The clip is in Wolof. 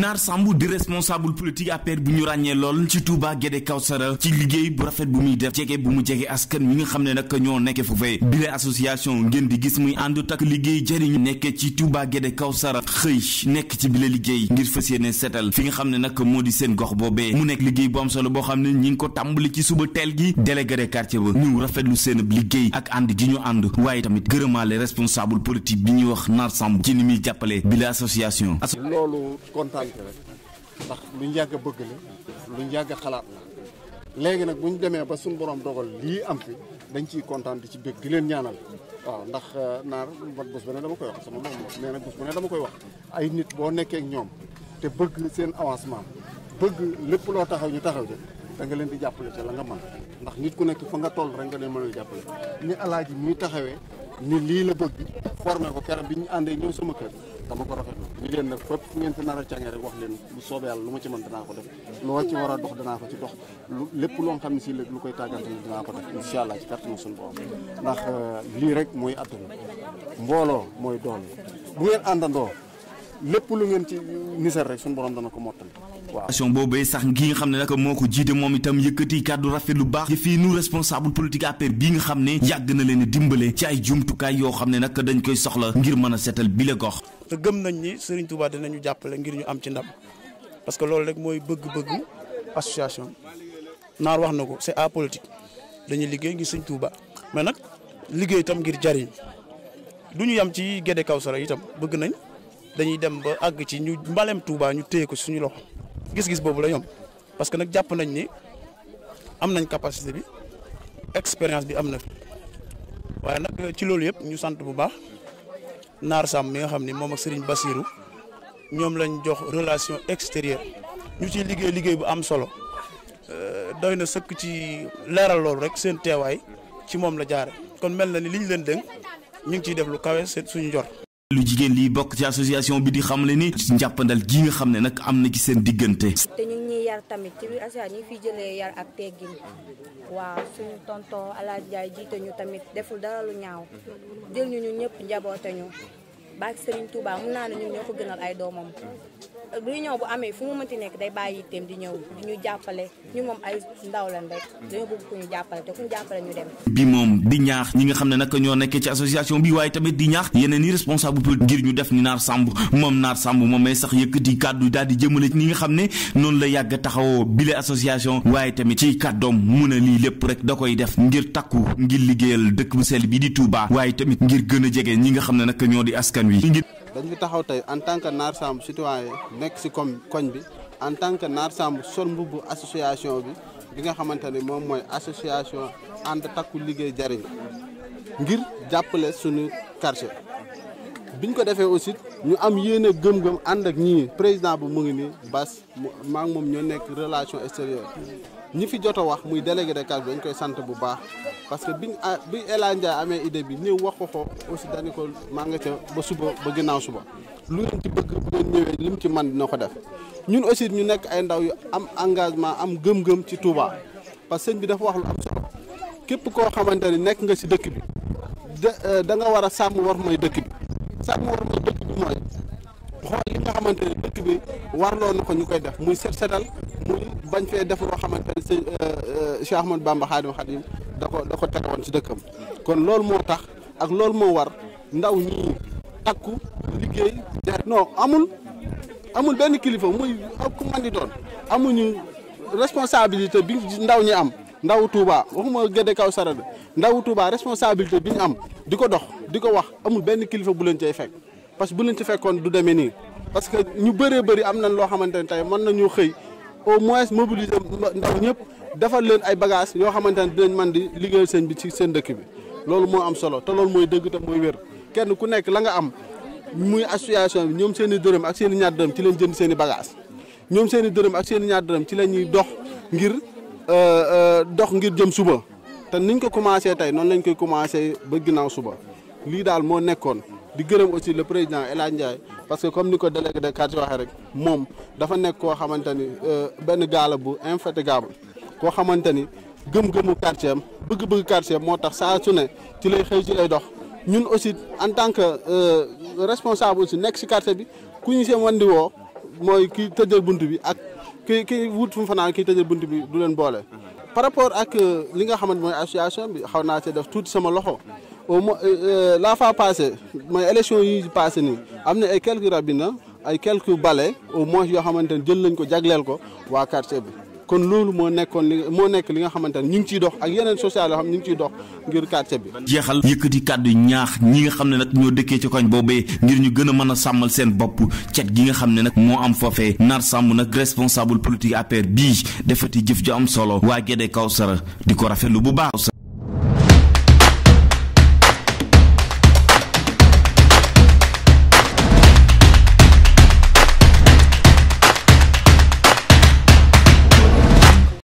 Naar Samb di responsable politique APR bu ñu ràññee lool ci Touba Guédé Kawsara ci liggéey bu rafet bu muy def jege bu mu jege askan mi nga xam ne nag ñoo nekkee foofee bile association ngeen di gis muy ànd takk liggéey jëriñu nekkee ci Touba Guédé sara xëy nekk ci bile liggéey ngir fas yéene seetal fi nga xam ne nag moo di seen gox boobee mu nekk liggéey bu am solo boo xam ne ñi ngi ko tàmbali ci suba teel gi délégué de quartier ba ñu rafetlu seen liggéey ak ànd ji ñu ànd waaye tamit gërëmaale responsable politique bi ñuy wax Naar ci ni muy jàppale bile association. wàññi rek ndax luñ yàgg a bëgg la luñ yàgg xalaat la léegi nag bu ñu demee ba suñu borom dogal lii am fi dañ ciy kontaan di ci bëgg di leen ñaanal waaw ndax euh, naar man bés bu ne dama koy wax sama moom nee na bés bu ne dama koy wax ay nit boo nekkee ñoom te bëgg seen avancement bëgg lépp loo taxaw ñu taxaw ja da nga leen di jàppale ca la nga man ndax nit ku nekk fa nga toll rek nga leen mën a jàppale ni alaaji muy taxawee ni lii la bëgg formé ko keroog bi ñu àndee ñëw sama dama ko rafetlu jigéen nag fépp ngeen fi nar a càngee rek wax leen bu soobee yàlla lu ma ci mën danaa ko def loo ci war a dox danaa ko ci dox lu lépp loo xam ne si léegi lu koy tàggante ni dinaa ko def incha allah ci kàttanu suñu borom ndax euh, lii rek mooy àdduna mbooloo mooy doole bu ngeen àndandoo lépp lu ngeen ci nisar rek suñu borom dana ko mottali waaw action boobu sax ngi xam ne nag moo ko jiite moom itam yëkkati kàddu rafet lu baax jëfee nu responsable politique APR bii nga xam ne yàgg na leen dimbale ci ay jumtukaay yoo xam ne nag dañ koy soxla ngir mën a seetal bile gox te gëm nañ ni Serigne Touba dinañu jàppale ngir ñu am ci ndam parce que loolu rek mooy bëgg-bëggu association naar wax na ko c'est apolitique dañuy liggéey ngir Serigne Touba mais nag liggéey itam ngir jariñ du ñu yam ci Guédé Kawsara itam bëgg nañ dañuy dem ba àgg ci ñu mbalem Touba ñu téye ko suñu loxo gis-gis boobu la ñoom parce que nag jàpp nañ ni am nañ capacité bi expérience bi am na fi waaye nag ci loolu yëpp ñu sant bu baax Naar Sam mi nga xam ni moom ak Serigne Bassirou ñoom lañ jox relation extérieure ñu ciy liggéey liggéey bu am solo euh, doy na sëkk ci leeral loolu rek seen teewaay ci moom la jaare kon mel na ni liñ leen dénk ñu ngi ciy def lu kawe seen suñu jot lu jigéen liy bokk ci association bi di xamle ni njàppandal ji nga xam ne nag am na ci seen diggante. te ñu ngi yar tamit ci biir association ñu ngi jëlee yar ak teggin waaw suñu tonton Alaaji jiite ñu tamit deful dara lu ñaaw jël ñu ñun ñëpp njaboote ñu baag Serigne Touba mun naa ne ñun ñoo ko gënal ay doomam. réunion bu bi moom di ñaax ñi nga xam ne nag ñoo nekkee ci association bi waaye tamit di ñaax yeneen i responsable politique ngir ñu def ni naar sàmb moom naar sàmb moom may sax yëkkati kàddu daal di jëmale ci ñi nga xam ne noonu la yàgg taxawoo bile association waaye tamit ci kàddoom mun a lii lépp rek da koy def ngir takku ngir liggéeyal dëkk bu sell bi di tuubaa waaye tamit ngir gën a jege ñi nga xam ne nag ñoo di askan wi dañ fi taxaw tey en tant que Naar Samb citoyen nekk si koñ koñ bi en tant que Naar Samb sol mbubbu association bi bi nga xamante ni moom mooy association ànd takku liggéey jariñ ngir jàppale suñu quartier biñ ko defee aussi ñu am yéene gëm-gëm ànd ak ñii président bu mu ngi nii Bas maa ngi moom ñoo nekk relation extérieure ñi fi jot a wax muy délégué de quartier dañ koy sant bu baax parce que biñ ah, bi El Hadj Ndiaye amee idée bi ñëw wax ko ko aussi dañu ko maa nga ca ba suba ba ginnaaw suba lu ngeen ci bëgg bu ngeen ñëwee lim ci man dina ko def ñun aussi ñu nekk ay ndaw yu am engagement am gëm-gëm ci Touba parce que sëñ bi dafa wax lu am solo képp koo xamante ni nekk nga si dëkk bi de euh, da nga war a sàmm war mooy dëkk bi sàmm war mooy dëkk bi mooy xool li nga xamante dëkk bi warloo na ko ñu koy def muy set setal muy bañ fee def loo xamante ne sëñ euh, euh, Cheikh Ahmadou da ko da ko tere woon ci dëkkam kon loolu moo tax ak loolu moo war ndaw ñi takku liggéey non amul amul benn kilifa muy ak man di doon amuñu responsabilité bi ndaw ñi am ndaw Touba waxuma Gédé kaw sarada ndaw Touba responsabilité bi ñu am di ko dox di ko wax amul benn kilifa bu leen cay fekk parce que bu leen ci fekkoon du demee nii parce que ñu bëree bëri am nañ loo xamante ne tey mën nañu xëy au moins mobiliser ndaw ñëpp defal leen ay bagages yoo xamante ne dinañ man di liggéeyal sëñ bi ci seen dëkk bi loolu moo am solo te loolu mooy dëgg te mooy wér kenn ku nekk la nga am muy association bi ñoom seen i dërëm ak seeni i ñaar dërëm ci leen jënd seeni bagaas ñoom seeni dërëm ak seeni i ñaar dërëm ci lañuy dox ngir euh, euh, dox ngir jëm suba te niñ ko commencé tey noonu lañ koy commencé ba ginnaaw suba lii daal moo nekkoon di gërëm aussi le président El Hadj parce que comme ni ko délégué de quartier waxee rek moom dafa nekk koo xamante ni euh, benn gaala bu infatigable koo xamante ni gëm-gëmu quartier am bëgg-bëgg quartier moo tax saa su ne ci lay xëy ci lay dox ñun aussi en tant que euh, responsable aussi nekk si quartier bi ku ñu seen wandi woo mooy kii tëjal bunt bi ak ki ki wut fu mu fanaan kii tëjal bunt bi du leen boole. par rapport ak euh, li nga xamante mooy association bi xaw naa see def tuuti sama loxo. au moins euh, euh, la fois passée mooy élection yi passé nii am na ay quelques na ay quelques bale au moins yoo xamante ne jël lañ ko jagleel ko waa quartier bi. kon loolu moo nekkoon li moo nekk li nga xamante ne ñu ngi ciy dox ak yeneen social yoo xam ngi ciy dox ngir quartier bi. jeexal yëkkati kàddu ñaax ñi nga xam ne nag ñoo dëkkee ci koñ boobee ngir ñu gën a mën a sàmmal seen bopp cet gi nga xam ne nag moo am foofe nar sàmm nag responsable politique APR bii defati jëf ju am solo waa kaw Kawsara di ko rafetlu bu baaxu baax.